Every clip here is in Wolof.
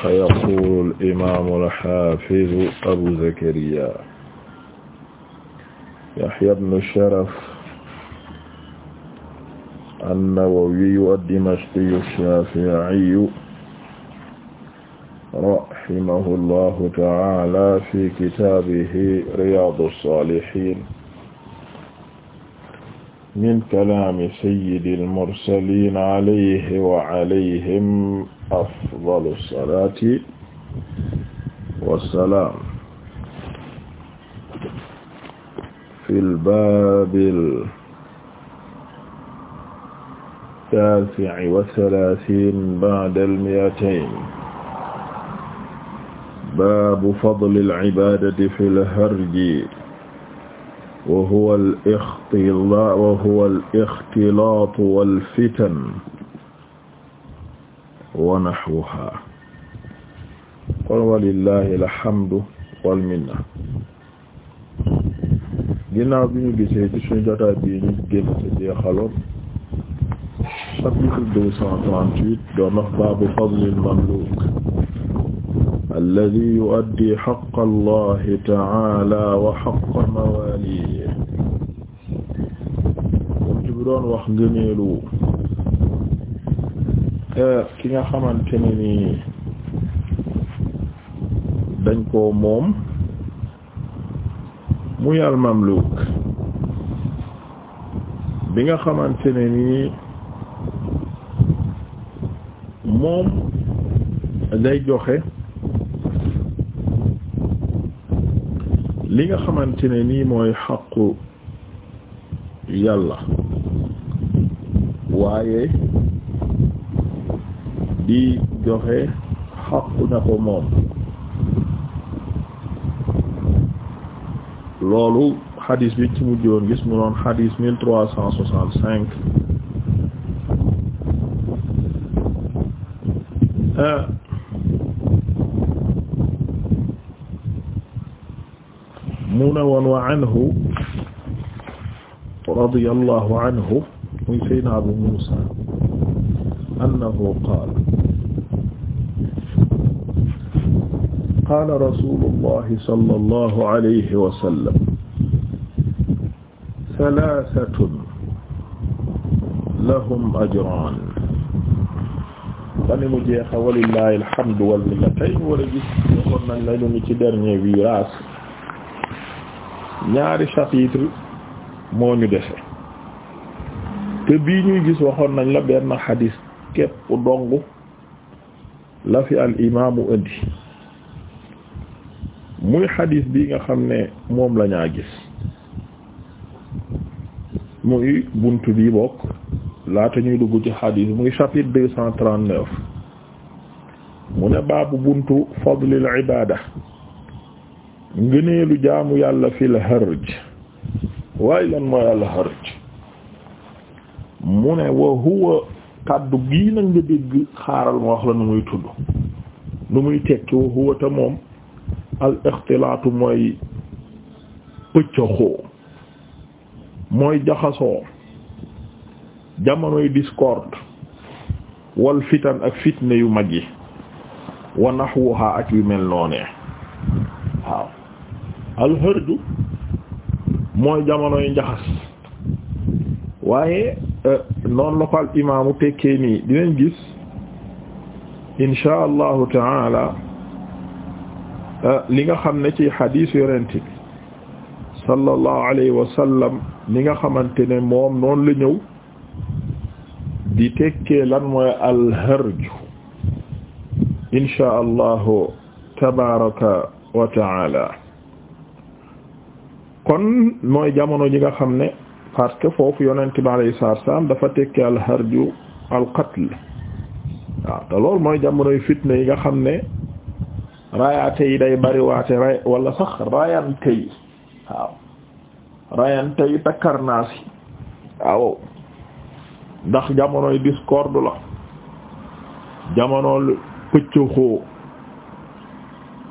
fa yaqulu al-imaamu al-haafidu Abu Zakariya Yahya ibnu Sharaf an-Nawawiyyu ad-Dimashqiyyu ash-Shaafi'iyyu rahimahu Allahu ta'aala fi kitaabihi Riyaadu as-Saalihiin min kalaami sayyidil mursaliin alayhi wa alayhim afdalu salaati wa salaam fil baabil taasi'i wa salaasiin ba'dal mi'atayn baabu fadlil ibaadati fil harji wa huwa al-ixtilaatu wal-fitan wa naxwuhaa kon walillaahi alhamdu wal minna ginnaaw bi ñu gisee ci suñu jotaay bii ñu génn ci jeexaloon chapitre deux cent trente-huit doon wax baabu fadlil mamluuk alladi yu'addi xaqa allahi taala wa xaqa mawaalihi bunt bi doon wax ngëneelu e, ki nga xamante ne ni dañ koo moom muy almamluuk bi nga xamante ne ni moom day joxe li nga xamante ne nii mooy xaqu yàlla waaye di joxe xaqu ña ko moom loolu xadis bi ci mu mujjoon gis mu doon xadis mille trois cent soixante-cinq woon wa anhu radiyallahu anhu muy sayyidina Abu Musa annahu qaala qaala rasuulullahi sallallahu alayhi wa sallam salaasatun lahum ajraan tani mu jeexa walillahi alhamdu wal minna tey war a gis waxoon nañ la ñu ci dernier virage ñaari chapitre moo ñu dese te bii ñuy gis waxoon nañ la benn xadis képp dong la fi al imaamu indi muy xadiis bi nga xam ne moom lañaa gis muy bunt bi bokk laata ñuy dugg ci xadis muy chapitre deux cent trente-neuf mu ne baabu buntu fadlil ibaada ngëneelu jaamu yàlla fil harj waaye lan mooy al harj mu ne wa huwa kàddu gii nag nga dégg xaaral ma wax la nu muy tudd nu muy tekki wa huwa te moom al ixtilaatu mooy pëccëxoo mooy jaxasoo jamonoy discorde wal fitan ak fitne yu mag yi wa naxwuha ak yu mel noonee alxërju mooy jamonoy njaxas waaye euh, noonu la al imaamu tekkee nii dinañ gis insha allahu taala euh, li nga xam ne ci xadiis yonent sallallahu alayhi wa sallam nga xamante ne moom noonu la ñëw di tekkee lan mooy alxërju insha allahu tabaraka wa taala kon mooy jamono ji nga xam ne parce que foofu yonent bi alayhi salaam dafa tekki al harju al qatl waaw te loolu mooy jamonoy fitna yi nga xam ne raayaate yi day bariwaate ray wala sax rayante yi waaw rayante yi takkarnaas yi waaw ndax jamonoy discorde la jamono pëccëxoo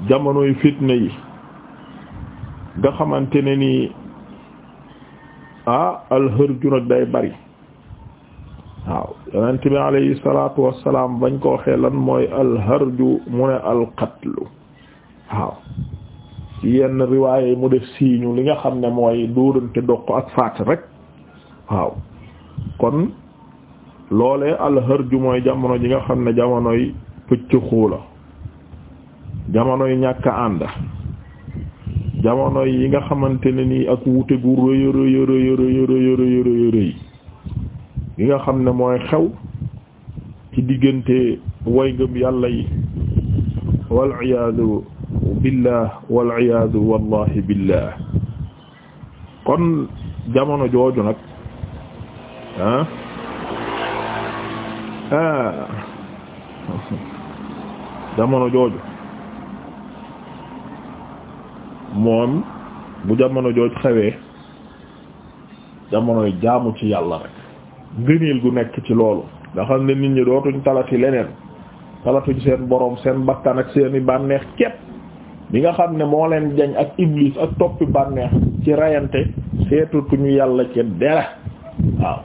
jamonoy fitna yi nga xamante ne nii ah alxërju nag day bari waaw yonent bi salaatu wassalaam bañ koo waxee lan mooy alxërju mu ne alqatlu waaw ci yenn riwaaye mu def siiñu li nga xam ne mooy dóorante dox ak faat rek waaw kon loolee alxërju mooy jamono ji nga xam ne jamonoy pëcc xuula jamonoy ñàkk ànd jamono yi nga xamante ne nii ak wute gu rëy rëy rëy rëy rëy yi nga xam ne mooy xew ci diggante way ngëm yàlla yi wal iyaadu billah wal iyaadu wallahi billah kon jamono jooju nag ah ah jamono jooju moom bu jamono jooj xewee jamonoy jaamu ci yàlla rek ngëneel gu nekk ci loolu nga xam ne nit ñi dootuñ talati leneen talatuñ seen boroom seen bakkan ak seeni bànneex képp bi nga xam ne moo leen jañ ak iblis ak toppi bànneex ci rayante seetatuñu yàlla ci dara waaw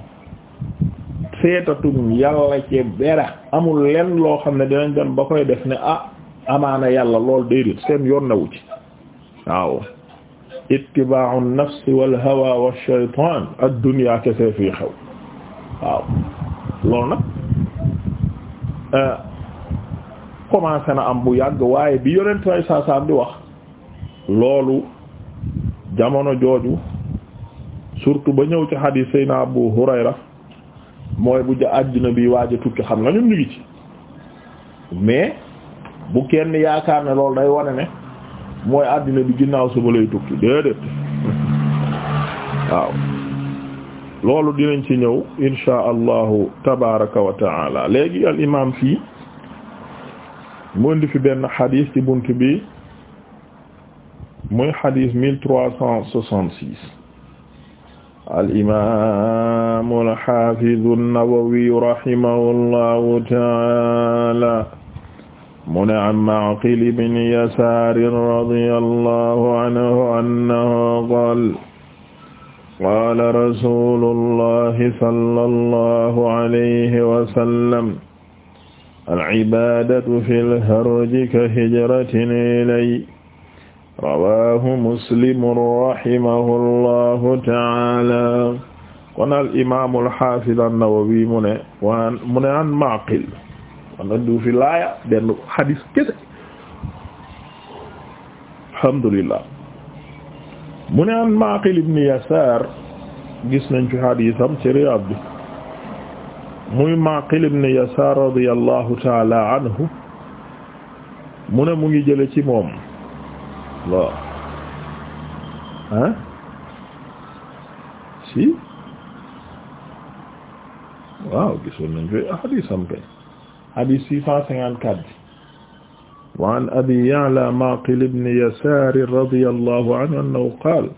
seetatuñu yàlla ci dara amul lenn loo xam ne dinañ dem ba koy def ne ah amaana yàlla lool déedéet seen yoon newu ci waaw ittiba'u an-nafs wal hawa wash-shaytan ad-dunya kese fii xew waaw loolu nag euh, commencé na am bu yàgg waaye bi yonent way saasaam di wax loolu jamono jooju surtout ba ñëw ci hadith sayna Abu Hurayra mooy bu ja àddina bi waaj a tukki xam na ñun ci mais bu kenn yaakaar ne loolu day wane ne mooy àddina bi ginnaaw suba lay tukki déedéet loolu dinañ ci ñëw insha allahu tabaraka wa taala léegi al imam fii fi benn xadis ci bunt bi mooy xadis mille trois cent soixante-six al imam al xaafidu an-Nawawi taala mu ne an Ma'qil ibn Yasaar radiyallahu anhu annahu qaala qaala rasuulullahi sallallahu alayhi wa sallam al-ibaadatu fil harji ka hijratin ilay rawaahu Muslim rahimahullahu ta'aala kon al-imaam al-haafiz an-Nawawi mu ne waan mu ne an Ma'qil man andiwu fi laaya benn xadis kese alhamdulillah mu ne an Maqil ibn Yasaar gis nañ fi xadisam ci Riyaad bi muy Maqil ibn Yasaar radiyallahu taala anhu mu ne mu ngi jële ci moom waaw ah si waaw gisoon nañ fi xadisam kay hadis 654 bi wa an abi ya'la maqil ibn yasar radiyallahu anhu annahu qaala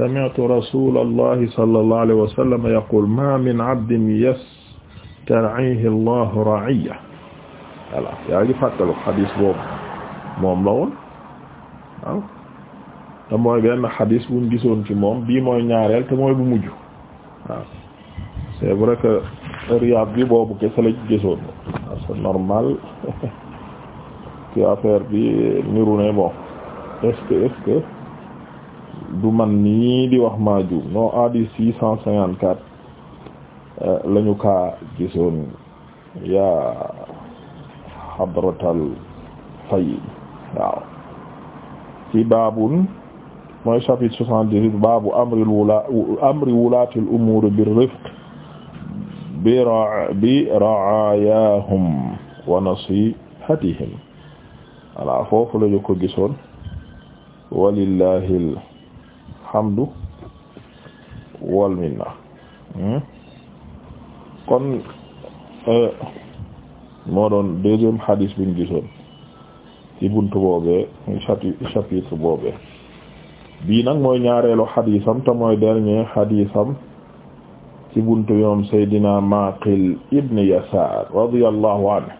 sami'tu rasulallahi sallallahu alayhi wa sallam yaqul ma min abdin yastar'ihi allahu ra'iyya voilà yaa ngi fàttalu hadis boobu moom la woon waaw te mooy benn hadis buñ gisoon ci moom bii mooy ñaareel te mooy bu mujj waaw c'est vrai que Riyad bi boobu kese la gisoon c'est normal que affaire bi niru ne bon est-ce du man nii di wax maa juum non adi six cent cinquante quatre euh, la ñu kaa yaa hadratal fayyid waaw ci baabun mooy chapitre baabu amri wula amri bir rifq bi ra'ayahum wa nasihatihim ala foofu la ko gisoon walillahi alhamdu wal minna hmm? kon euh, moo doon deuxième hadith bi ñu gisoon ci buntu boobee chapitre boobee bii nag mooy ñaareelu haditham te mooy dernier haditham ci buntu bi Seydina Maqil ibn Yasaar radiyallahu anhu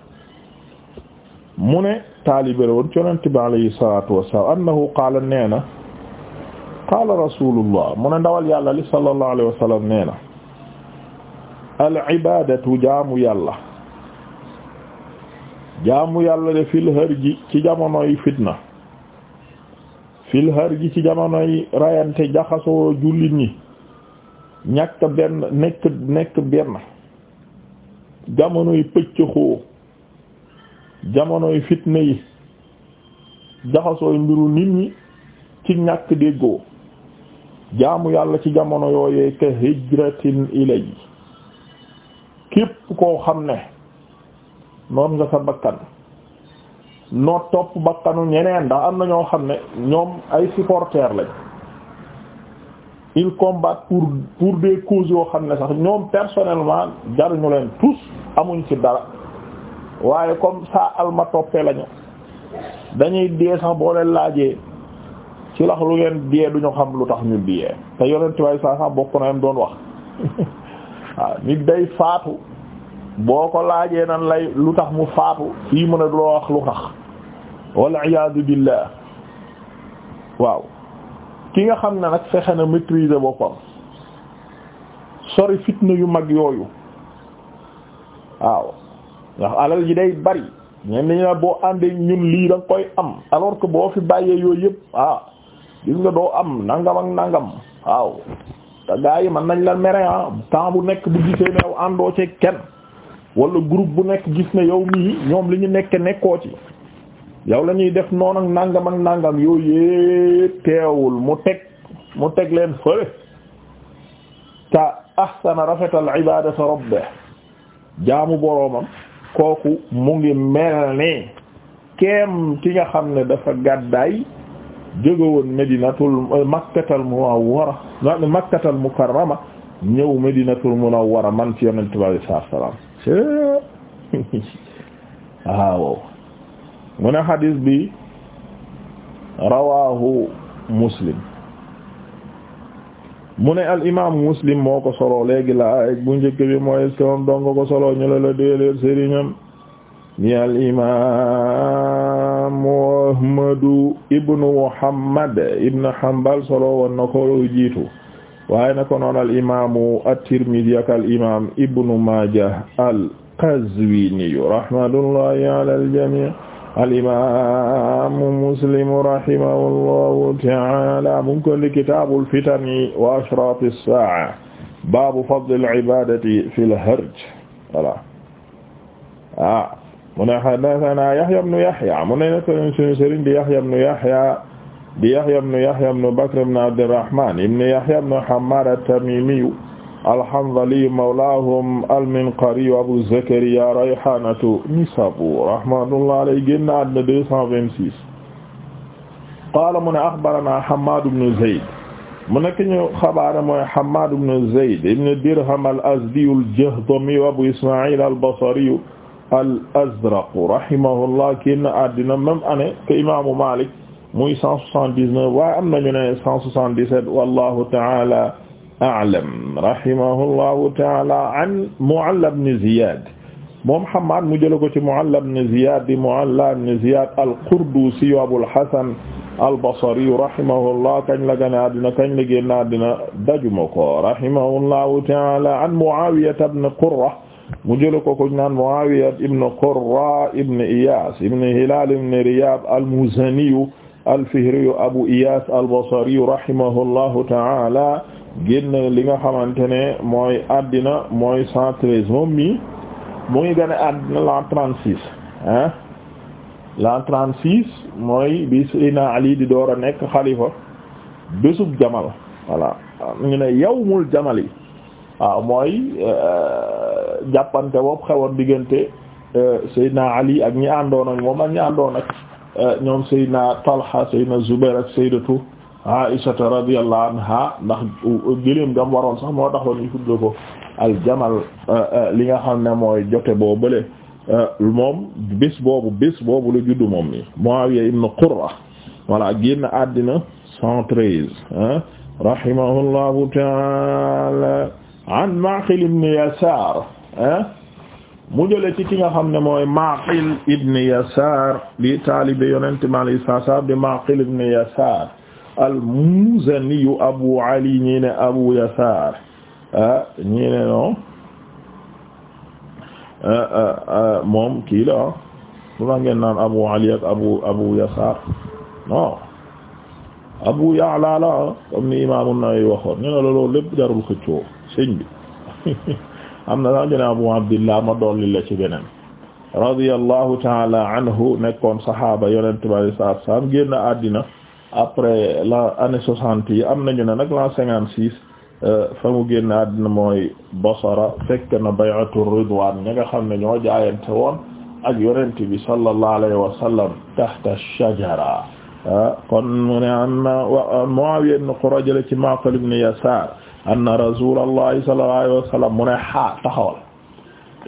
mu ne taalibe la woon ci Yonent bi alayhi salaatu wassalaam mu ne ndawal yàlla li sallallahu alayhi wa sallam al ibaadatu jaamu yàlla jaamu yàlla de fil harji ci jamonoy fitna fil harji ci jamonoy rayante jaxasoo jullit ñàkk benn nekk nekk benn jamonoy pëccëxoo jamonoy fitna yi jaxasooy mbiru nit ñi ci ñàkk déggoo jaamu yàlla ci jamono yooy ka hijratin ilay képp koo xam ne noot nga sa bakkan noot topp bakkanu ñeneen ndax am na ñoo xam ne ñoom ay supporters lañ il combattent pour pour des causes yoo xam ne sax ñoom personnellement jaruñu leen tous amuñ ci dara waaye comme ça alma toppee lañu dañuy dee sax boo leen laajee ci lax lu ngeen dee duñu xam lu tax ñu dee te yonenti way saa sax bokk na yam doon wax waaw nit day faatu boo ko laajee nan lay lu tax mu faatu fii mën a doo wax lu tax wal iyaadu billah waaw ki nga xam ne nag fexe na maîtriser boppam sori fitna yu mag yooyu waaw ndax alal ji day bari ñeen nañu la boo àndee ñun lii da koy am alors que boo fi bàyyee yooyu yëpp ah gis nga doo am nangam ak nangam waaw te gaa yi mën nañ la mere ah temps bu nekk bu gisee ne yow àndoo ci kenn wala groupe bu nekk gis ne yow mii ñoom li ñu nekk nekkoo ci yow lañuy def noon ak nangam ak nangam yooyu yépp teewul mu teg mu teg leen fële ta ahsana rafetal ibadata rabbih jaamu boroomam kooku mu ngi mel ni keem ki nga xam ne dafa gàddaay jóge woon medinatul euh, makkatal munawwara euh, makkatal mukarrama ñëw medinatul munawwara man ci yonent bi sallallahu alayhi wasallam waaw mu ne xadis bi rawaahu muslim mu ne al imaamu muslim moo ko solo léegi la ak bu njëkk bi mooy est-ce que ko solo ñu la la déedéet sëriñam ni al imaamu ahmadu ibnu muhammad ibnu hanbal solo woon na ko jiitu waaye na ko noon al imaamu at-tirmidhi ak al imaam ibnu al qazwini rahmatullahi ala al jamii alimamu muslimu rahimahullahu taala mu ngi ko indi kitaabul fitani wa ashraat as-saa'a baabu fadli al-ibaadati fil harj voilà ah mu ne haddasanaa Yahya ibnu Yahya mu ne sunu sëriñ di Yahya ibnu Yahya di Yahya ibnu Yahya ibnu Bakr ibnu Abdirrahmaan ibnu Yahya ibnu Hammaad at-Tamiimiyu alhandali mawlaahum alminqari abu zakariya rayhaanatu nisaabu rahmatullahi alayhi génn àddina deux cent vingt-six qaala mu ne axbaranaa Hammaad ibn Zayd mu nekk ñu xabaare mooy Hammaad ibn Zayd ibn Dirham al-Azdiyu al-Jahdamiyu abu Ismaa'iil al-Basriyu al-Azraqu rahimahullah génn àddina même année que imaamu Maalik muy cent soixante-dix-neuf waaye am nañu ne cent soixante-dix-sept wallaahu ta'aala A'lam rahimahullahu ta'ala an Mu'alla ibn Ziyad moom Hammad mu jëlee ko ci Mu'alla ibn Ziyad di Mu'alla ibn Ziyad al-Qurdusi Abul Hasan al-Basri rahimahullah kañ la gane àddina kañ la génn àddina dajuma ko rahimahullahu ta'ala an Mu'awiya ibn Qurra mu jëlee ko ko naan Mu'awiya ibn Qurra ibn Iyas ibn Hilal ibn Riyab al-Muzani al-Fihri Abu Iyas al-Basri rahimahullahu ta'ala génn li nga xamante ne mooy àddina mooy cent treize moom mi mu ngi gën àddina l'an trente-six hein l'an six mooy bi Seydina Ali di door a nekk xalifa bésub jamal voilà ñu ne yawmul jamal yi waaw mooy euh, jàppante boobu xewoon diggante euh, Seydina Ali ak ñi àndoon ak moom ak ñi àndoon ak euh, ñoom Seydina Talha Seydina Zubair ak Sayyidatu Aïsata radiyallahu anha ndax gëléem gam waroon sax moo taxoon ñu tuddee ko aljamal euh, euh, li nga xam ne mooy jote boo bële euh, moom bés boobu bés boobu la juddu moom ni Muawiya ibn Qurra voilà génn àddina cent treize rahimahullahu ta'ala an Ma'qil ibn Yasar mu jële ci ki nga xam ne mooy Ma'qil ibn Yasar li taalibe yonente mi alayhi salaam di Ma'qil ibn Yasar al-Muzani Abu Ali ñi Abu Yasar ah ñi ah, ah, ah, moom kii la ah su ngeen Abu Ali Abu Abu Yasar Abu Ya'la la ni Imaam An-Nawawi waxoon ñu ne loolu lépp jarul xëccoo am na sax ñu ne Abu Abdillah ma dolli la ci beneen. radiyallahu ta'ala anhu nekkoon saxaaba yonent bi sallallahu alayhi wasallam génn àddina. après la année soixante yi am nañu ne nag la cinquante six euh, fa mu génn àddina mooy Basra fekk na bay'atu ridwaan ña nga xam ne ñoo jaayante woon ak yonent bi sallallahu alayhi wa sallam tahta shajara ah, kon mu ne am na Muawiya ibn Qurra jële ci Ma'qil ibn Yasaar anna rasuulallahi sallallahu alayhi wa sallam mu ne xaa taxawal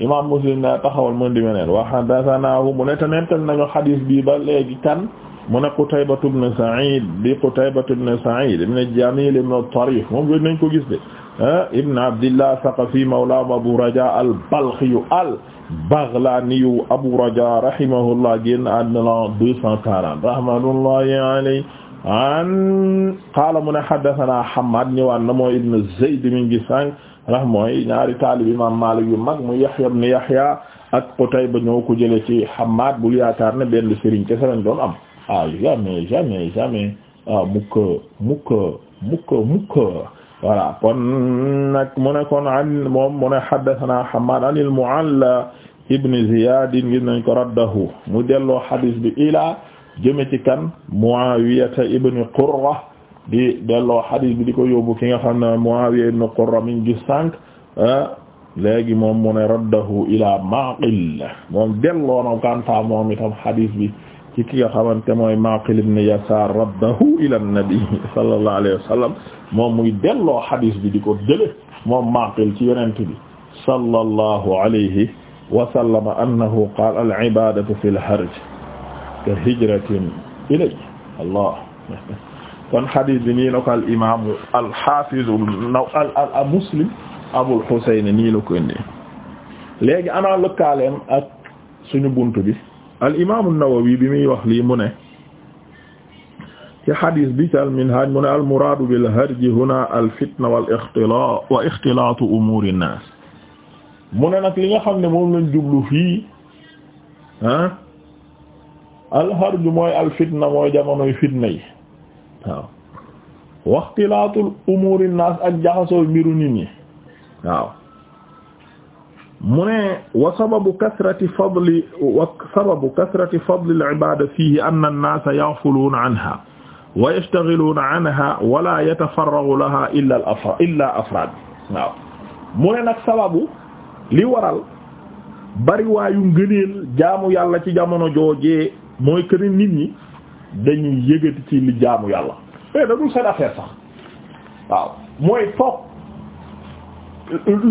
imam muslim na taxawal mu di meneen wa hadathanahu mu ne te nettal nañu hadis bi ba léegi kan mu ne Qutaybatu ibn Sa'id di Qutaybatu ibn Sa'id ibn Jamil ibn Tarif moom gën nañ ko gis de ah, ibn Abdillah Thaqafi mawla Abu Raja al-Balkhi al-Baghlani Abu Raja rahimahullah génn àdduna 240 rahmatullahi alayhi an qaala mu ne hadathana Hammad ñëwaan na mooy ibn Zayd min Gisang ndax mooy ñaari taalib imam Maalik yu mag mu Yaxya ibn Yaxya ak Qutayba ñoo ko jële ci Hammaad bul yaakaar ne benn sëriñ kese lañ doon am ah jamais jamais jamais ah mukk mukk mukk mukk voilà kon nag mu Hammaad an al-Mu'alla ibn Ziyaad ngir nañ ko mu delloo hadis bi ilaa jëme ci kan ibn Qurra di delloo xadis bi di ko yóbbu ki nga xam ne Muawiya ibn Qurra min gis sànq ah, léegi moom mu ne raddahu ila Maqil moom delloo na kanta moom itam xadis bi ci ki nga xamante mooy Maqil ibn Yasar raddahu ila nabi sallallahu alayhi wa sallam moom muy delloo xadis bi di ko jële moom Maqil ci yonent bi sallallahu alayhi wa sallam annahu qaala al-ibaadatu fil harj ka hijratin ilayhi Allah kon xadis bi nii la ko al imaamu al xaafizu naw al xuseyn nii la ko indi léegi ana ak suñu bunt bi al imaamu nawawi bi muy wax lii mu ne ci xadis bi ci al minhaaj mu ne al harji huna al fitna wal ixtilaat wa ixtilaatu naas mu ne li nga xam ne moom lañ jublu fii ah al harju mooy al fitna mooy jamonoy fitna waaw waxtilaatul umuri naas ak jaxasoo mbiru nit ñi waaw mu ne wa sababu kasrati fadli wa sababu kasrati fadli al-ibaada fiihi anna an-naasa yaghfuluuna anhaa wa yashtaghiluuna anhaa wa laa yatafarragu lahaa illaa al-afraad illaa afraad waaw mu ne nag sababu li waral bariwaayu ngëneel jaamu yàlla ci jamono joojee mooy kër nit ñi dañuy yëgati ci li jaamu yàlla eh da seen affaire sax waaw mooy toog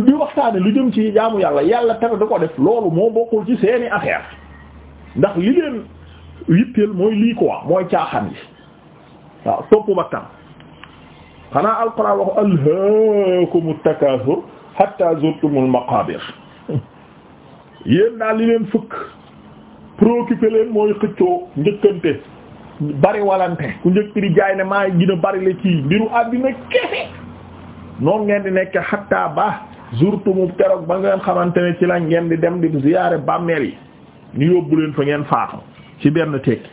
di waxtaane lu jëm ci jaamu yàlla yàlla te da ko def loolu moo bokkul ci seeni affaire ndax li leen yitteel mooy lii quoi mooy caaxaan yi waaw topp bakkan xanaa alquran waxu alhaakumu takaasur hatta zurtumul maqabir yéen daal li leen fëkk préoccupé leen mooy xëccoo njëkkante bari walante ku njëkk di jaay ne maa gën a bari la kii mbiru àddina kese noonu ngeen di nekk xatta ba zurtumu keroog ba ngeen xamante ne ci la ngeen di dem di ziyaare bàmmeel yi ñu yóbbu leen fa ngeen faatu ci benn tekki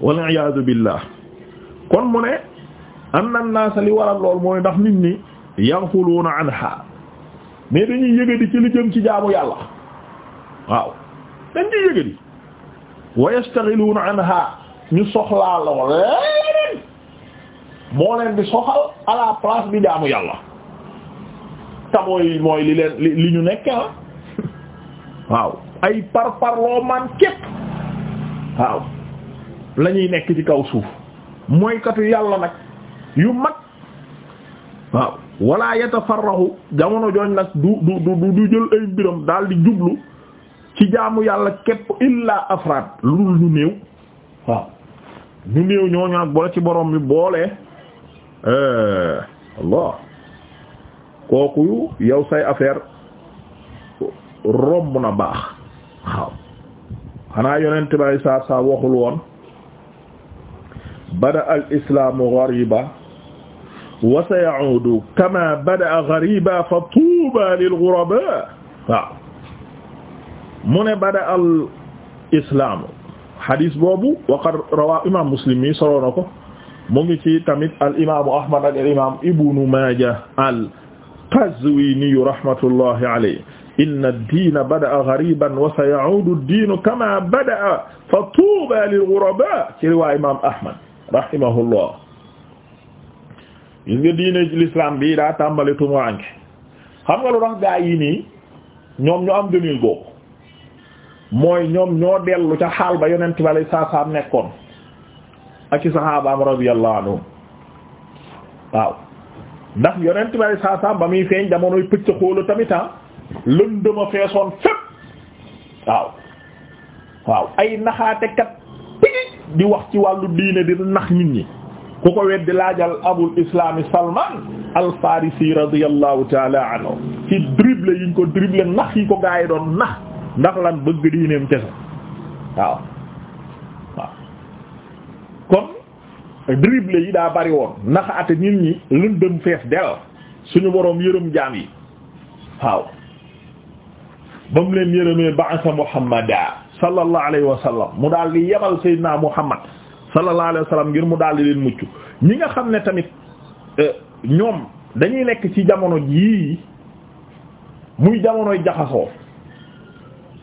wal iyaadu billah kon mu ne anna naasa li waral lool mooy ndax nit ñi yaghfuluuna anha mais dañuy yëgadi ci li jëm ci jaamu yàlla waaw dañ ciy yëgadi wa yastaghiluuna anha ñu soxlaa lool leneen moo leen di soxal à la place bi jaamu yàlla te mooy li leen li ñu nekk ah waaw ay par parloo man képp waaw la nekk ci kaw suuf mooykatu yàlla nag yu mag waaw wala yatafarrahu jamono jooñ nag du du du du jël ay mbiram daal di jublu ci jaamu yàlla képp illa afraad lu dul ñu néew waaw ñu néew ñooñu nag ci borom bi boole eh, Allah kooku yow say affaire romb baax waaw xanaa yonent bay saa saa waxul woon bada al islaamu ghariba wa sayaudu kama bada fa tuuba lil ghuraba mu ne bada al xadis boobu waqad rawa imam muslim yi soloo na ko mu ngi ci tamit al imaamu ahmad ak al imam ibnu maaja al qazwini rahmatullahi alayhi inna ad-diina bada'a ghariban wa saya'uudu ad-diinu kamaa bada'a fa tuubaa lil-ghurabaa ci riwaaya imaam ahmad rahimahullah gis nga diine l'islam bi daa tàmbali tumuranke xam nga lu tax gaa yi nii ñoom ñu am gënil googu mooy ñoom ñoo dellu ca xaal ba yonent bi saa saa nekkoon ak i saxaabaam radiyallahu anhum waaw ndax yonent bi ba muy feeñ jamonoy pëcc xóolu tamit ah lëndëma feesoon fépp waaw ay naxaatekat di wax ci wàllu diine di nax nit ñi ku ko weddi laajal abul islami salman al farisi radiyallahu taala anhu ci dribble yiñ ko dribble nax yi ko gaay doon nax ndax lan bëgg diineem kese waaw waaw kon dribble yi daa bari woon naxaate nit ñi lëndëm fees del suñu boroom yërëm jaam yi waaw ba mu leen yërëmee ba'asa muhammada sallallahu alayhi wa sallam mu daal di yebal sayyidina muhammad sallallahu alayhi wa ngir mu daal di leen mucc ñi nga xam ne tamit euh, ñoom dañuy nekk ci jamono jii muy jamonoy jaxasoo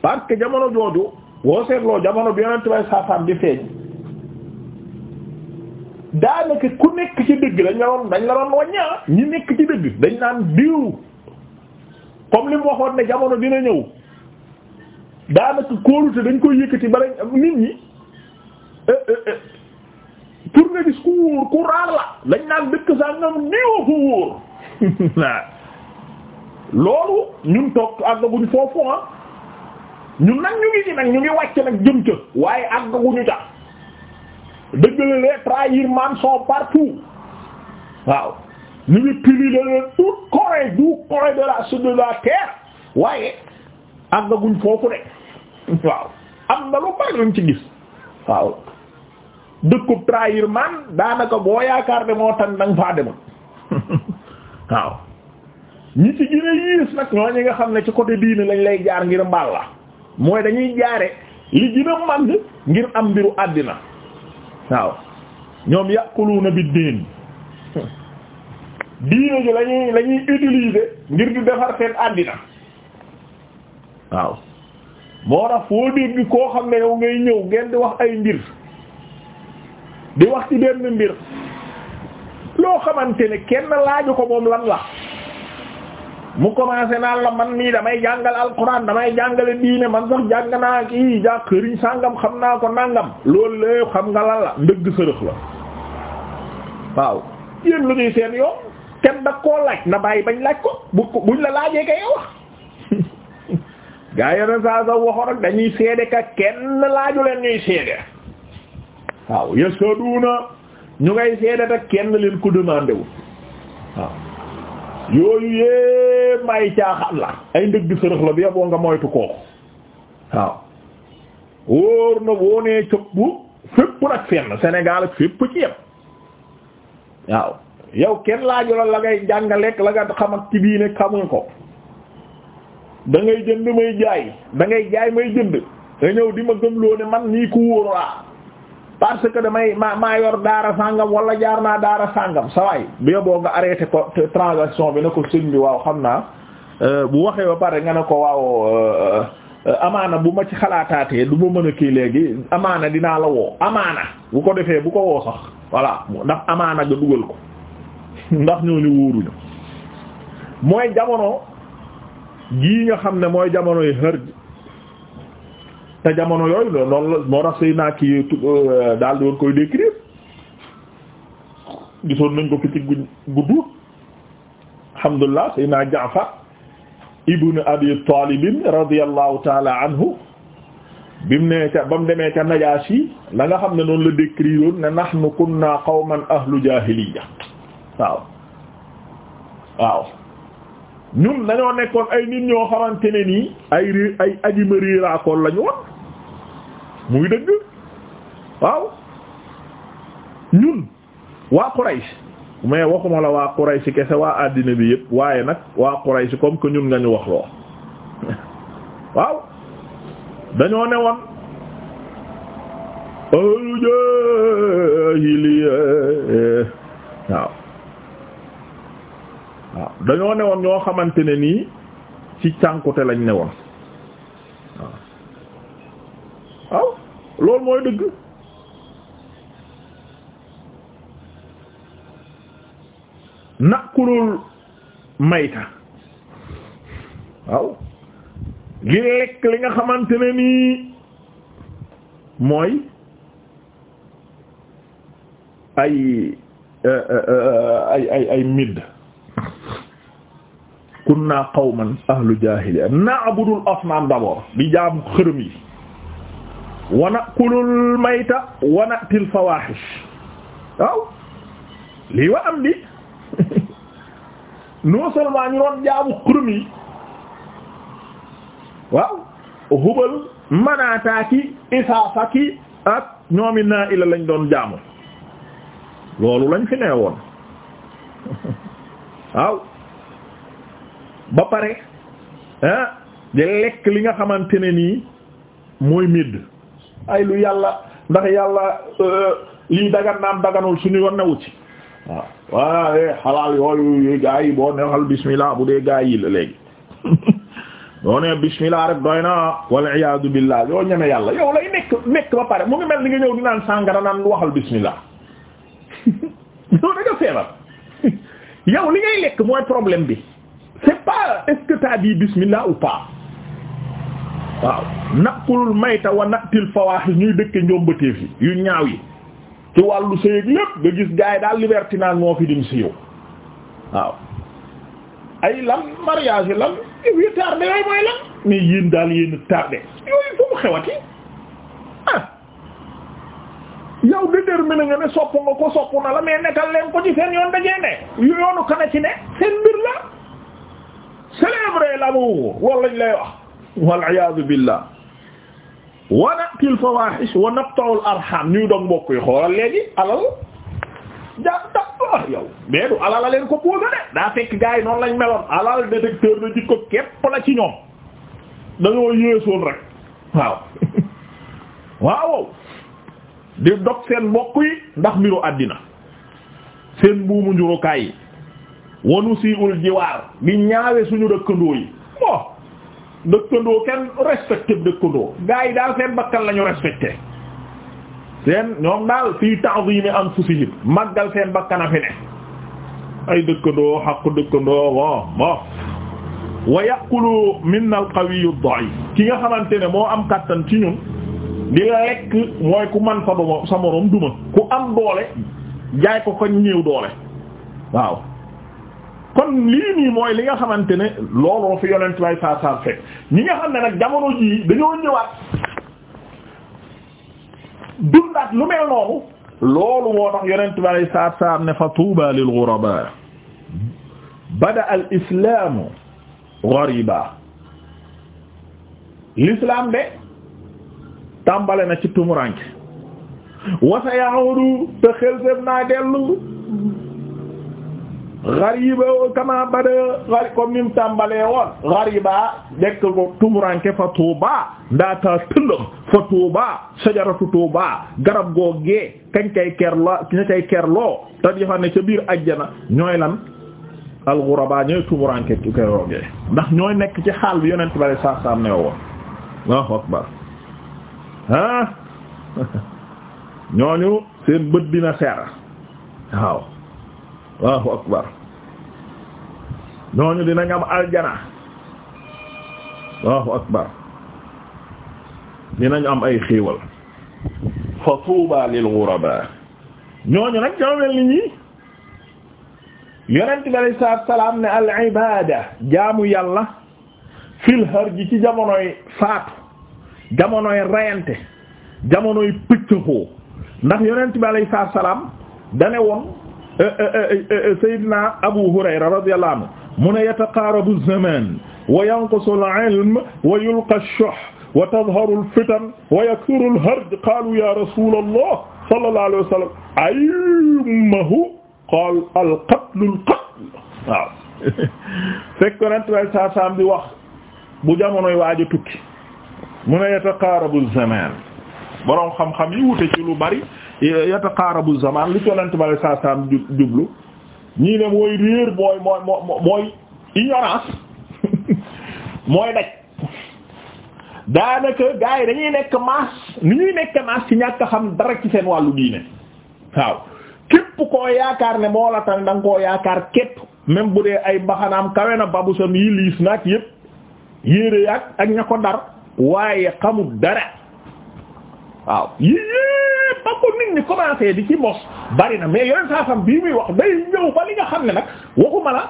parce que jamono jooju woo seetloo jamono bi yonent bay saasaan di feeñ daanaka ku nekk ci dëgg dañ la doon dañ la doon waññaa ah. ñi nekk ci dëgg dañ naan diw comme li mu waxoon ne jamono dina ñëw daanaka kóolute dañ koy yëkkati ba nit ñi eh, eh, eh, pour nga gis ku wóor ku raar la dañ naan dëkk saa ngam néewa ko wóor loolu ñun toog àggaguñ foofu ah ñu nag ñu ngi ci nag ñu ngi wàcc nag jëm ca waaye àggaguñu ca dëgg la les trahirments sont partout waaw ñu ngi pili le tout Corée du la sud de la terre waaye àggaguñ foofu de waaw am na lu bari luñ ci gis waaw dëkkub trahirment daanaka boo yaakaar de moo tan danga faa demoon waaw ñi ci gën a yiis nag ñoo ñi nga xam ne ci côté diini lañ lay jaar ngir mbaal la mooy dañuy jaare li gën a ngir am mbiru àddina waaw ñoom yàquluuna bi diin diine ji lañuy la ñuy ngir di defar seen àddina waaw moo tax foo dégg koo xam ne yow ngay ñëw ngeen di wax ay mbir di wax ci benn mbir loo xamante ne kenn laaju ko moom lan la mu commencé naan la man nii damay jàngal alquran damay jàngale diine man sax jàng naa kii ja këriñ sàngam xam naa ko nàngam loolu lépp xam nga lan la ndëgg sërëx la waaw yéen koo laaj bàyyi bañ laaj ko bu buñ la laajee kay wax gaa yone saa kenn laaju leen ñuy seede waaw yës sa ñu ngay seede te kenn leen ku demandé yooyu yépp ay caaxaan la ay ndëgg sërëx la bi yaboo nga moytu kooku waaw wóor na boo nee cëpp fépp nag fenn Sénégal ak fépp ci yem waaw yow kenn laaju la la ngay lekk la nga xam ak ci biine xamuñ ko da ngay jënd may jaay da jaay may jënd nga ñëw di ma gëmloo ne man nii ku wóor laa parce que damay ma maa yor daara sàngam wala jaar naa daara sàngam sawaay bio boo nga arrêté ko transaction bi na ko sëñ bi waaw xam naa euh, bu waxee ba pare nga ne ko waaw euh, euh, amaana bu ma ci xalaataatee du ma mën a kii léegi amaana dinaa la woo amaana bu ko defee bu ko woo sax voilà ndax amaana nga dugal ko ndax ñooñu wóoruñu mooy jamono jii nga xam ne mooy jamonoy hërj te jamono yooyu loolu moo tax sëy naa ki euh, daal di woon koy décrire gisoon nañ ko fitig gu gudd alhamdulillah sëy naa Jaafar ibn Abi Talib radiyallahu taala anhu bimu ne ca ba mu demee ca Najaashi la nga xam ne noonu la décrire woon ne nahnu kunna qawman ahlu jahiliya waaw waaw ñun dañoo nekkoon ay nit ñoo xamante ne nii ay ajima réeraakool lañu mu ngi dëgg waaw ñun waa Quraysh mais waxuma la waa si kese waa àddina bi yëpp waaye nag waa Quraysh comme que ñun nga ñu wax loo waaw dañoo ne woon ahlu jaahiliya ñoo xamante ne nii ci cànkute lañ ne loolu mooy dëgg nakulul mayta waaw li lekk li nga xamante ne nii mooy ay eh, eh, eh, ay ay ay midd kunna qawman ahlu jahiliya na'budul asnam d'abord di jaamu xërëm yi wa nakulul mayta wa natil fawahish waaw lii wa am bi non seulement ñu doon jaamu xurum waaw hubal manaataaki isaafaki ak ñoomi naa ila lañ doon jaamu loolu lañ fi nee woon waaw ba pare ah di lekk li nga xamante ne nii mooy midd ay lu yàlla ndax yàlla euh, lii dagan naam daganul suñu yoon newu ci waaw waaw eh, xalaal yooyu eh, gaa yi boo neexal bismillah bu dee gaa yi la léegi boo nee bismillah rek doy na wal iyaadu billah yoo ñeme yàlla yow lay nekk nekk ba pare mu ngi mel ni nga ñëw di naan sàngara naan waxal bismillah yow da nga mooy problème bi c'est pas est bismillah ou pas waaw naqulul mayta wa naqtil fawaahi ñuy dëkke njombateef yi yu ñaaw yi ci wàllu sëyëg lépp nga gis gaay daal libertinage moo fi dim siiw waaw ay lan mariage yi lan yu tardé yooyu mooy lan mais yéen daal yéen tardé yooyu fu mu xewati ah yow déterminé nga ne sopp nga ko sopp na la mais nekkal leen ko ci seen yoon dajee ne yoonu kana ci ne seen mbir la célébrer l'amour loolu lañ lay wax wal iyaadu billah wa naqtil fawaahish wa naqta'ul arham ñuy dog mbokk yi xoolal léegi alal ah, alal a leen noonu lañ meloon alal détecteur na jikko képp la ci ñoom dañoo yéesoon rek waaw waaw di dog seen mbokk yi ndax mbiru àddina seen mbuumu njurukaay yi wanu jiwaar di ñaawe suñu dëkkandoo yi bon dëkkandoo kenn respecté dëkkandoo gars yi daal seen bakkan lañu ñu respecté seen ñoom daal fii ta'zimi anfusihim màggal seen bakkan fi ne ay dëkkandoo xaq dëkkandoo bon bon wa yaqulu minna al-qawiyyu ad ki nga xamante ne moo am kàttan ci ñun di lekk mooy ku man fa duma sa moroom duma ku am doole jaay ko ko ñëw doole waaw kon lii nii mooy li nga xamante ne looloo fi yonent bay saa saa fekk ñi nga xam ne nag jamono jii dañoo ñëwaat dundaat lu mel noonu loolu moo tax yonent bay saa saa ne fa tuuba lil ghuraba bada al islamu ghariba l'islam de tàmbale na ci tumuranke wasa ya'udu te xel naa dellu ghariba kama bada ghari comme ni mu tàmbalee woon ghariba dekk ko fa tuuba ndaataa tëllëm fa tuuba sajaratu tuuba garab googee kañ kay kerloo kañ kay kerloo te dafa ne ca biir ajjana ñooy lan al ghuraba ñooy tumuranke keroogee ndax ñooy nekk ci xaal bi yonent bale saa saa ne woon Allahu akbar ah ñooñu seen bët dina seer waaw Allahu akbar ñooñu dinañ am aljana Allahu akbar dinañ am ay xiiwal fa tuuba lil ghuraba ñooñu nag ñoo mel ni ñi yonent bi alayhi salaam ne al ibaada jaamu yàlla fil harj ci jamonoy faatu jamonoy reyante jamonoy pëccëxoo ndax yonent bi alayhi salaatu salaam dane woon Eh, eh, eh, Seydina Abu Hurayra radiyallahu anhu mu ne yataqaarabu zaman wa yanqusu al-ilm wa yulqa ash-shuh wa tadharu al-fitan wa yakthuru al-harj qaalu ya rasulallah sallallahu alayhi wa sallam ayyumahu qaal al-qatl al-qatl waaw fekk Yonent bi saa saam di wax bu jamonoy waaj a tukki mu ne yataqaarabu zaman boroom xam-xam yi wute ci lu bari yataqaarabu zaman li colante bale saa saam jublu ñii ne mooy réer mooy mooy ignorance mooy daj daanaka gars yi dañuy nekk masse ni ñuy nekk masse ci ñàkk xam dara ci seen wàllu diine waaw képp koo yaakaar ne moo la tan da koo yaakaar képp même bu dee ay mbaxanaam kawe na babu sam yi liis naak yëpp yéere yaak ak ña ko dar waaye xamul dara waaw yii ba ko nit ñi commencé di ci mos bari na mais yeneen saa sam bii muy wax day ñëw ba li nga xam ne nag waxuma la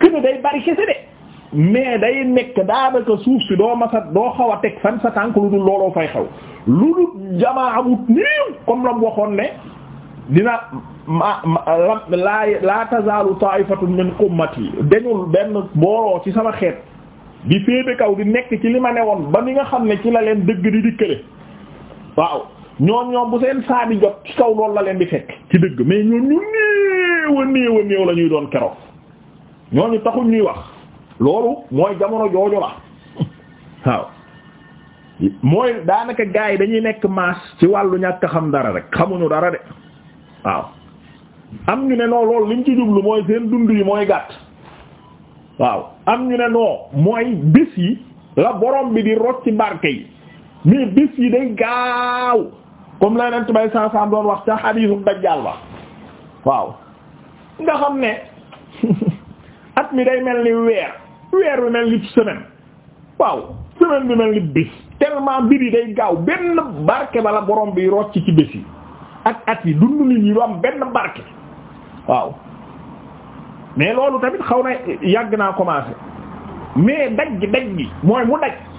këne day bari kese de mais day nekk daanaka suuf si doo masa doo xaw a teg fan sa tànk lu dul looloo fay xew lu dul jamaa amut niiw comme la mu waxoon ne dina ma laa laa tazaalu ta'ifatun min ummati dañul benn booroo ci sama xeet di féete kaw di nekk ci li ma ne woon ba ni nga xam ne ci la leen dëgg di dikkale waaw ñoom ñoom bu seen saabi jot ci kaw loolu la leen bi fekk ci dëgg mais ñoom ñu néew a néew a néew la ñuy doon keroog ñooñu taxul ñuy wax loolu mooy jamono jooju la waaw mooy daanaka gars yi dañuy nekk maas ci wàllu ñàkk xam dara rek xamuñu dara de waaw am ñu ne noo loolu liñ ci jublu mooy seen dund yi mooy gàtt waaw am ñu ne noo mooy bis yi la borom bi di rot ci barke yi mais bés yi day gaaw comme la nent bay saasam doon wax ca xadiisu dajjaal ba waaw nga xam ne at mi day mel ni weer weer bi mel ni semaine waaw semaine bi mel ni bés tellement mbir yi day gaaw benn barke bala borom bi rocc ci bés yi ak at yi dundu nit ñi du am benn barke waaw mais loolu tamit xaw na yàgg naa commencé mais daj gi daj gi mooy mu daj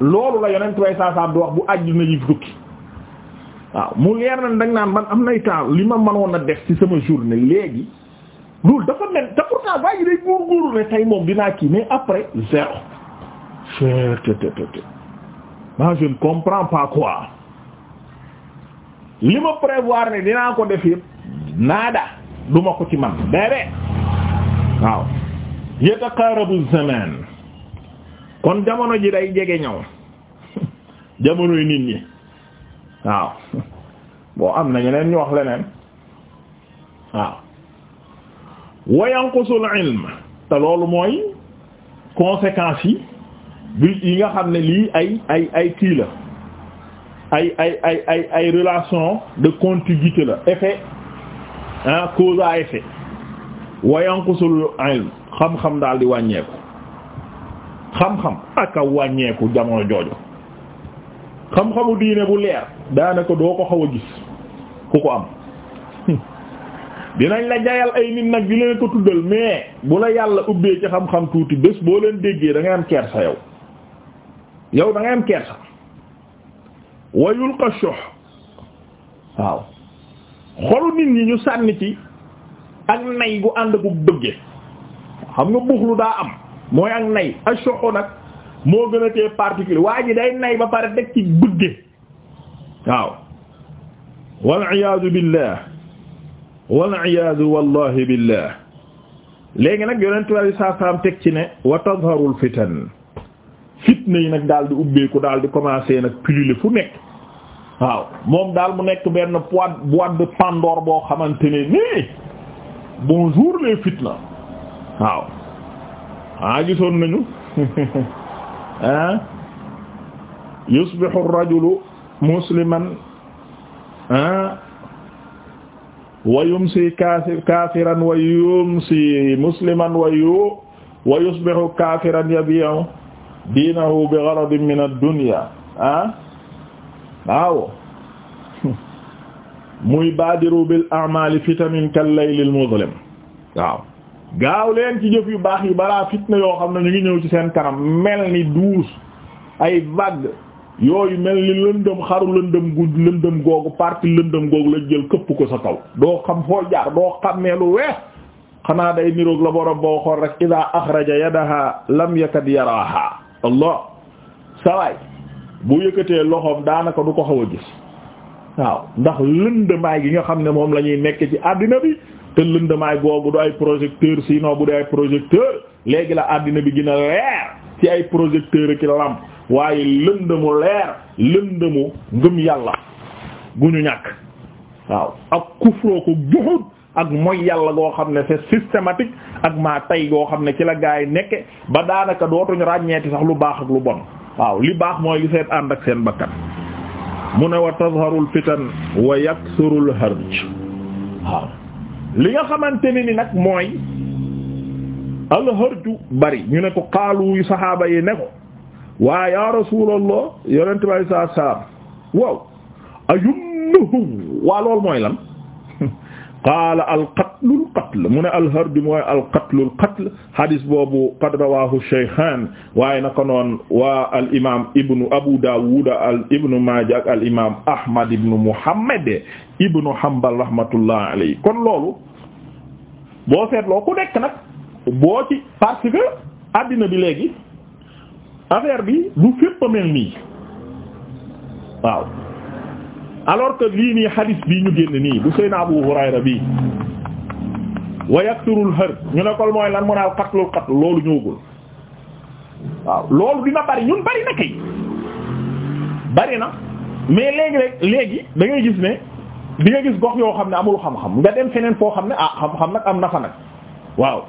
loolu la yonent way saa saa du wax bu àjjuna ji waaw mu leer na danga naan man am nay temps li ma mënoon a def ci sama journée léegi loolu dafa mel te pourtant bàyyi day góorgóorlu ne tey kii mais après zéro cherttt moi quoi li ma prévoir ne dinaa ko def yëpp naada duma ko ci man déedéet waaw yataqarabu zaman kon jamono ji day jege ñaw jamonoy nit ñi waaw boo am na ñeneen ñu wax leneen waaw wa yanqusul ilm te loolu mooy conséquences yi bi yi nga xam ne lii ay ay ay kii la ay ay ay ay ay relation de contiguïté la effet ah cause à effet wa yanqusul ilm xam-xam daal di wàññeeku xam-xam ak a wàññeeku jamono jooju xam-xamu diine bu leer daanaka doo ko xaw a gis ku ko am dinañ la jayal ay nit nag di leen ko tuddal mais bu la yàlla ubbee ci xam-xam tuuti bés boo leen déggee da ngay am kersa yow yow da ngay am kersa wa yulqa shuh waaw xolu nit ñi ñu sànni ci ak nay gu ànd gu bëgge xam nga buxlu daa am mooy ak nay ashoxo nag moo gën a tee particulier waa ji nay ba pare teg ci budde waaw wal iyaadu billah wal iyaadu wallahi billah léegi nag yonent bi saa saam teg ci ne wa tazharul fitan fitna yi nag daal di ubbeeku daal di commencer nag pilule fu nekk waaw moom daal mu nekk benn boîte boîte de boo xamante ne nii bonjour les fitna waaw ah gisoon nañu ah yusbihu ar-rajulu musliman ah wa yumsi kaafiran wa yumsi musliman wa yu wa yusbihu kaafiran yabi'u diinahu bi gharadin min ad-dunya ah waaw muy baadiru bil a'maali fitamin kal-layli al-muzlim waaw gaaw leen ci jëf yu baax yi balaa fitna yoo xam ne ñu ngi ñëw ci seen kanam mel ni douze ay vague yooyu mel ni lëndëm xaru lëndëm gu lëndëm googu parti lëndëm googu la jël këpp ko sa kaw doo xam foo jaar doo xam ne lu xanaa day niroog la borom boo xool rek idaa axraja yadaha lam yakad yaraaha allah sawaay bu yëkkatee loxoom daanaka du ko xaw a gis waaw ndax lëndëmaay gi nga xam ne moom lañuy ñuy nekk ci àddina bi te lëndamaay googu du ay projecteur sinon bu dee ay projecteur léegi la àddina bi gën a leer ci ay projecteur ki lamp waaye lëndëmu leer lëndëmu ngëm yàlla gu ñu ñàkk waaw ak kufroo ko juhud ak mooy yàlla goo xam ne c'est systématique ak maa tay goo xam ne ci la gaa yi nekke ba daanaka dootuñu ràññeeti sax lu baax ak lu bon waaw li baax mooy li seen ànd ak seen bakkan mu ne wa tazharul fitan wa yaksurul harj waaw li nga xamante ne ni nag mooy alxarju bari ñu ne ko xaalu saxaaba yi ne ko waa ya rasulallah yonente bi alei salaatu salaam waaw ayunnuhu waa loolu mooy lan qaala alqat qatlul qatl mu ne alhardi mooy alqatlul qatl hadis kon loolu boo seetloo ku nekk nag boo ci parce addina bi léegi affaire bi du fépp a mel nii waaw alors que lii nii hadis bii ñu génn nii bu Seydina Abu Hurayra bii wa yakturul xër ñu ne ko mooy lan mu naaw xatlul xatl loolu ñëwagul waaw loolu dina bari ñun bari na kay bari na mais léegi léegi da ngay gis ne di nga gis gox yoo xam ne amul xam-xam nga dem feneen foo xam ne ah xam-xam nag am na fa nag waaw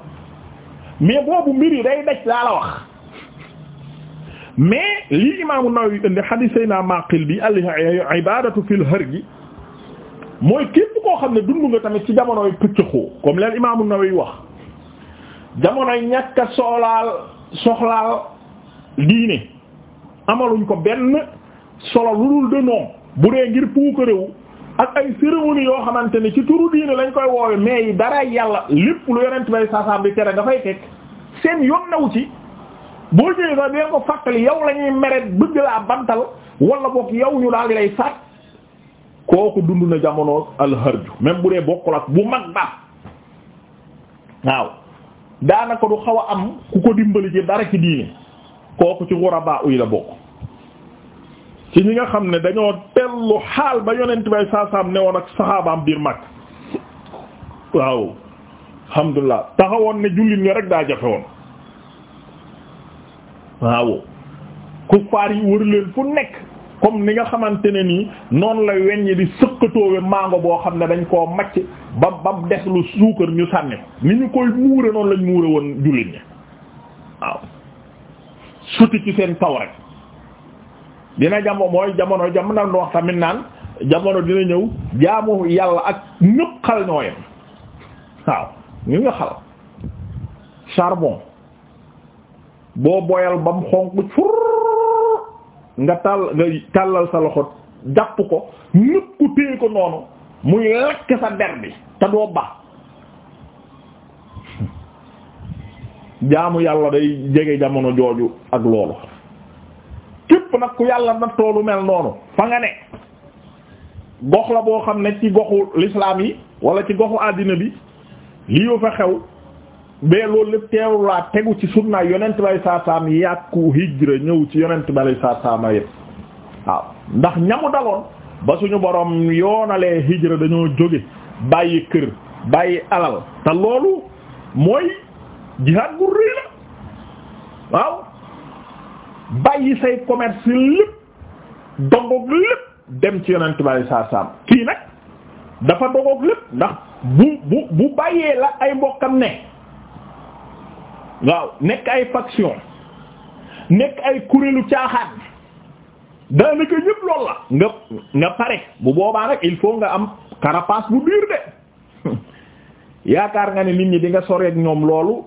mais boobu mbir yi day daj laa la wax mais li imaamu Nawawi indi hadith sayna Maqil bi al ibadatu fil gi mooy képp koo xam ne dund nga tamit ci jamonoy pëccëxoo comme leen imaamu Nawawi wax jamonoy ñàkk a soxlaal soxlaal diine amaluñ ko benn solo ludul de noom bu dee ngir puukarewu ak ay cérémonie yoo xamante ne ci turu diine lañ koy woowe mais yi dara yàlla lépp lu yonent bay saasaam bi tere dafay fay fekk seen yoon naw ci boo jëlee sax deen ko fàttali yow la ñuy meret bëgg laa bantal wala boog yow ñu daal lay faat kooku dund na jamono alxarju même bu dee bokkul ak bu mag ba waaw daanaka du xaw a am ku ko dimbali ci dara ci diine kooku ci xurabaa uy la bokk ci ñi nga xam ne dañoo tellu xaal ba yonent bay saasaam newoon ak saxaabaam biir mag waaw alhamdulilah taxawoon ne jullit ñi rek daa jafe woon waaw kuffaar yi wër fu nekk comme ni nga xamante ne nii noonu la weññi di sëqatoowe màngo boo xam ne dañ koo macc ba ba des lu suukar ñu sànni ko ni ñu koy muure noonu lañ muure woon jullit ñi waaw suti ci seen taw rek dina jamono mooy jamono jam na naan jamono dina ñëw jaamu yàlla ak ñëpp xal ñoo yem waaw ñu nga xal charbon boo boyal bam xonq fur nga tàll nga tàllal sa loxo jàpp ko nëpp ku téye ko noonu muy lakk sa der bi te doo ba jaamu yàlla day jege jamono jooju ak loolu képp nag ku yàlla nag toolu mel noonu fa nga ne gox la boo xam ne ci goxu l'islam yi wala ci goxu àddina bi li yoo fa xew mais loolu lépp teewul tegu ci sunna yonent bay saa saam yàkku hijra ñëw ci yonent bay saa saama yëpp waaw ndax ñamu daloon ba suñu borom yoonalee hijra dañoo jóge bàyyi kër bàyyi alal te loolu mooy jihaad bu rëy waaw bàyyi say commerce lépp dogoog lépp dem ci yonent bay saa kii nag dafa dogoog lépp ndax bu bu bàyyee la ay mbokkam ne. waaw nekk ay faction nekk ay kuréelu caaxaan daanaka ñëpp lool la nga nga pare bu boobaa nag il faut nga am carapace bu diir de yaakaar nga ne nit ñi di nga soreek ñoom loolu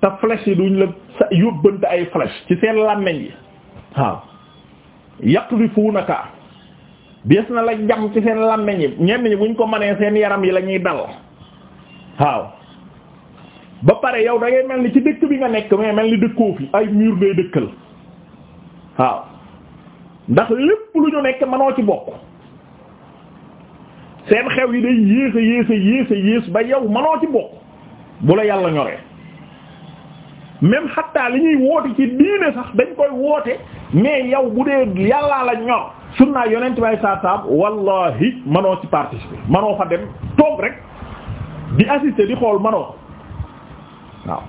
te flèche yi duñ la sa yóbbante ay flèche ci seen làmmeñ yi waaw yaqdhifunaka bees na la jam ci seen làmmeñ yi ñenn ñi buñ ko manee seen yaram yi lañuy ñuy dal waaw ba pare yow da ngay mel ni ci dëkk bi nga nekk mais mel ni dëkkoo fi ay mur dëkk dëkkal waaw ndax lépp lu ñu nekk manoo ci bokk seen xew yi day yées a yées a yées yées ba yow manoo ci bokk bu la yàlla ñoree même xattaa li ñuy woote ci diine sax dañ koy woote mais yow bu dee yàllaa la ñor sunnaa yonent bay saa saab wallahi manoo ci participer manoo fa dem toog rek di assister di xool manoo waaw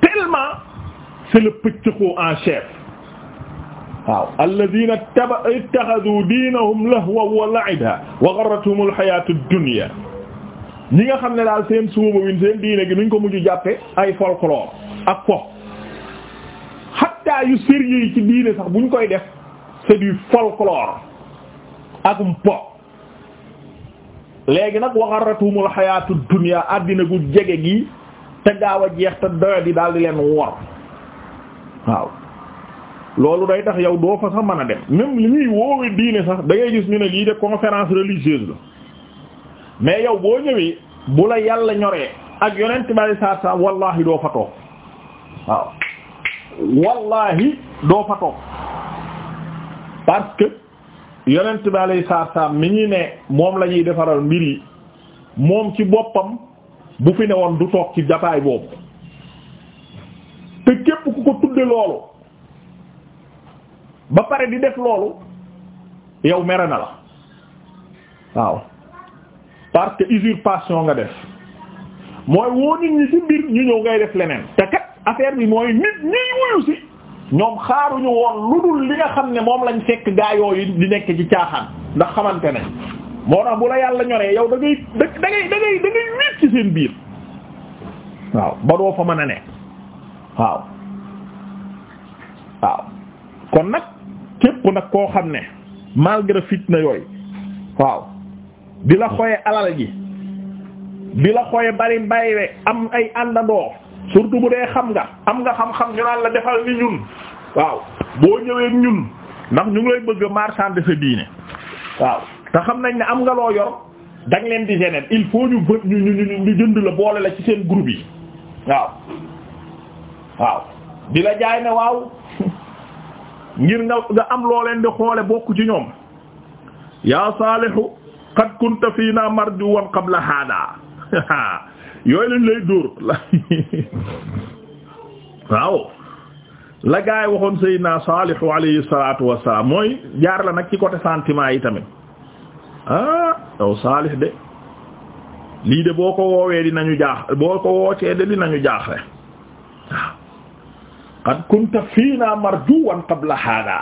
tellement c'est le pëccëxoo en chef waaw alladina ittaxadu diinahum lahwa wa la'iba wa gharratuhum alxayatu dunya ñi nga xam ne daal seen suuma win seen diine gi nuñ ko mujj jàppe ay folklore ak yu sérieux yi ci diine buñ koy def c'est du folklore akum po léegi nag wa àddina gu jege gi te gaaw a jeex te doyat di daal di leen wor waaw loolu day tax yow doo fa sax mën a dem même li ñuy woowe diine sax da gis ñu ne lii de conférence religieuse la mais yow boo ñëwee bu la yàlla ñoree ak yonent bari saa saa wallahi doo fa toog waaw wallahi doo fa toog parce que yonent bari saa saa mi ñu ne moom lañuy ñuy defaral mbir yi moom ci boppam bu fi ne woon du toog ci jataay boobu te képp ku ko tudde loolu ba pare di def loolu yow mere na la waaw parce que usurpation nga def mooy woo nit ñi ci mbir ñu ñëw ngay def leneen te kat affaire bi mooy nit ñiy wuyu ci ñoom xaaruñu woon lu dul li nga xam ne moom lañ fekk gaa yi di nekk ci caaxaan ndax xamante ne moo tax bu la yàlla ñoree yow dangay ngay da seen biir waaw ba doo fa mën a ne waaw waaw kon nag képp nag koo xam ne malgré fitna yooyu waaw di la xooye alal gi di la xooye bari mbaywe am ay àndandoo surtout bu dee xam nga am nga xam-xam ñu naan la defal ni ñun waaw boo ñëwee ñun ndax ñu ngi bëgg a marchander sa diine waaw te xam nañ ne am nga loo yor da leen di gêner il faut ñu bë ñu ñu ñu jënd la boole la ci seen groupe yi waaw waaw di la jaay ne waaw ngir nga nga am loo leen di xoole bokk ci ñoom yaa saalihu qad kunta fii naa won qabla hada yooyu lañ lay dóor waaw la gaay waxoon sayyidina saalihu alayhi salatu wassalam mooy jaar la nag ci côté sentiment yi tamit ah yow Salih de lii de boo ko woowee dinañu jaax boo ko woocee de dinañu jaaxle waaw qad kunta fiina marjuwan qabla hada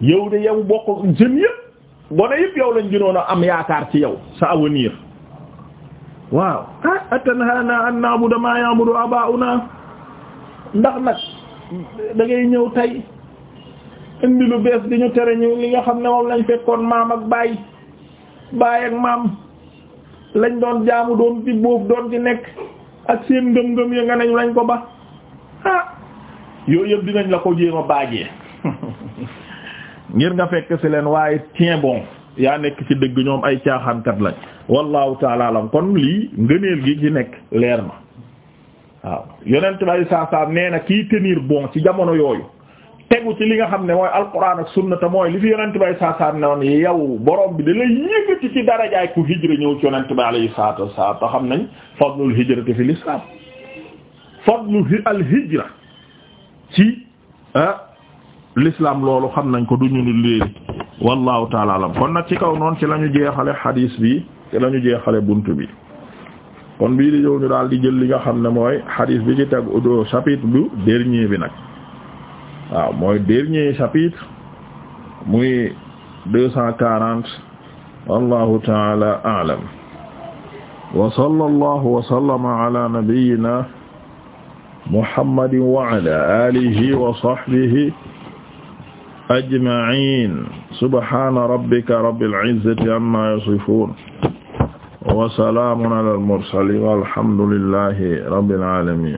yaw de yow bokk jën yëpp gone yëpp yow lañ gënoon a am yaakaar ci yow sa avenir waaw ah atanhana an na'budu ma ya'budu aba'una ndax nag da ñëw tey indi lu bees di ñu tere ñu li nga xam ne moom lañ fekkoon maam ak baay baay ak maam lañ doon jaamu doon ci boobu doon ci nekk ak seen ngëm-ngëm ya nga nañ lañ ko ba ah yooyu yëpp dinañ la ko jéem a baajee ngir nga fekk ci leen waaye tiens bon yaa nekk ci dëgg ñoom ay caaxaankat lañ wallahu taala alam kon lii ngëneel gi ci nekk leer na waaw yonent bay saa saa nee na kii tenir bon ci jamono yooyu tegu ci li nga xam ne mooy alquran ak sunna mooy li fi yonent bay saasaam ne yow borom bi da lay yëngati ci darajaay ku hijra ñëw ci yonent bi alayhi salaatu xam nañ fadlul hijrati fil islam fadlu al hijra ci ah l'islam loolu xam nañ ko du ñu léegi wallahu taala kon nag ci kaw noonu ci la ñu jeexale xadiis bi ci la ñu jeexale bunt bi kon bii di ñëw ñu daal di jël li nga xam ne mooy xadiis bi ci teg chapitre bu dernier bi nag waaw mooy dernier chapitre muy deux cent quarante wallahu taala aalam wa sallallahu wa sallama ala nabiyyina muhammadin wa ala alihi wa sahbihi ajma'in subhana rabbika rabbil izzati amma yasifun wa salamun ala al mursalin walhamdulillahi rabbil alamin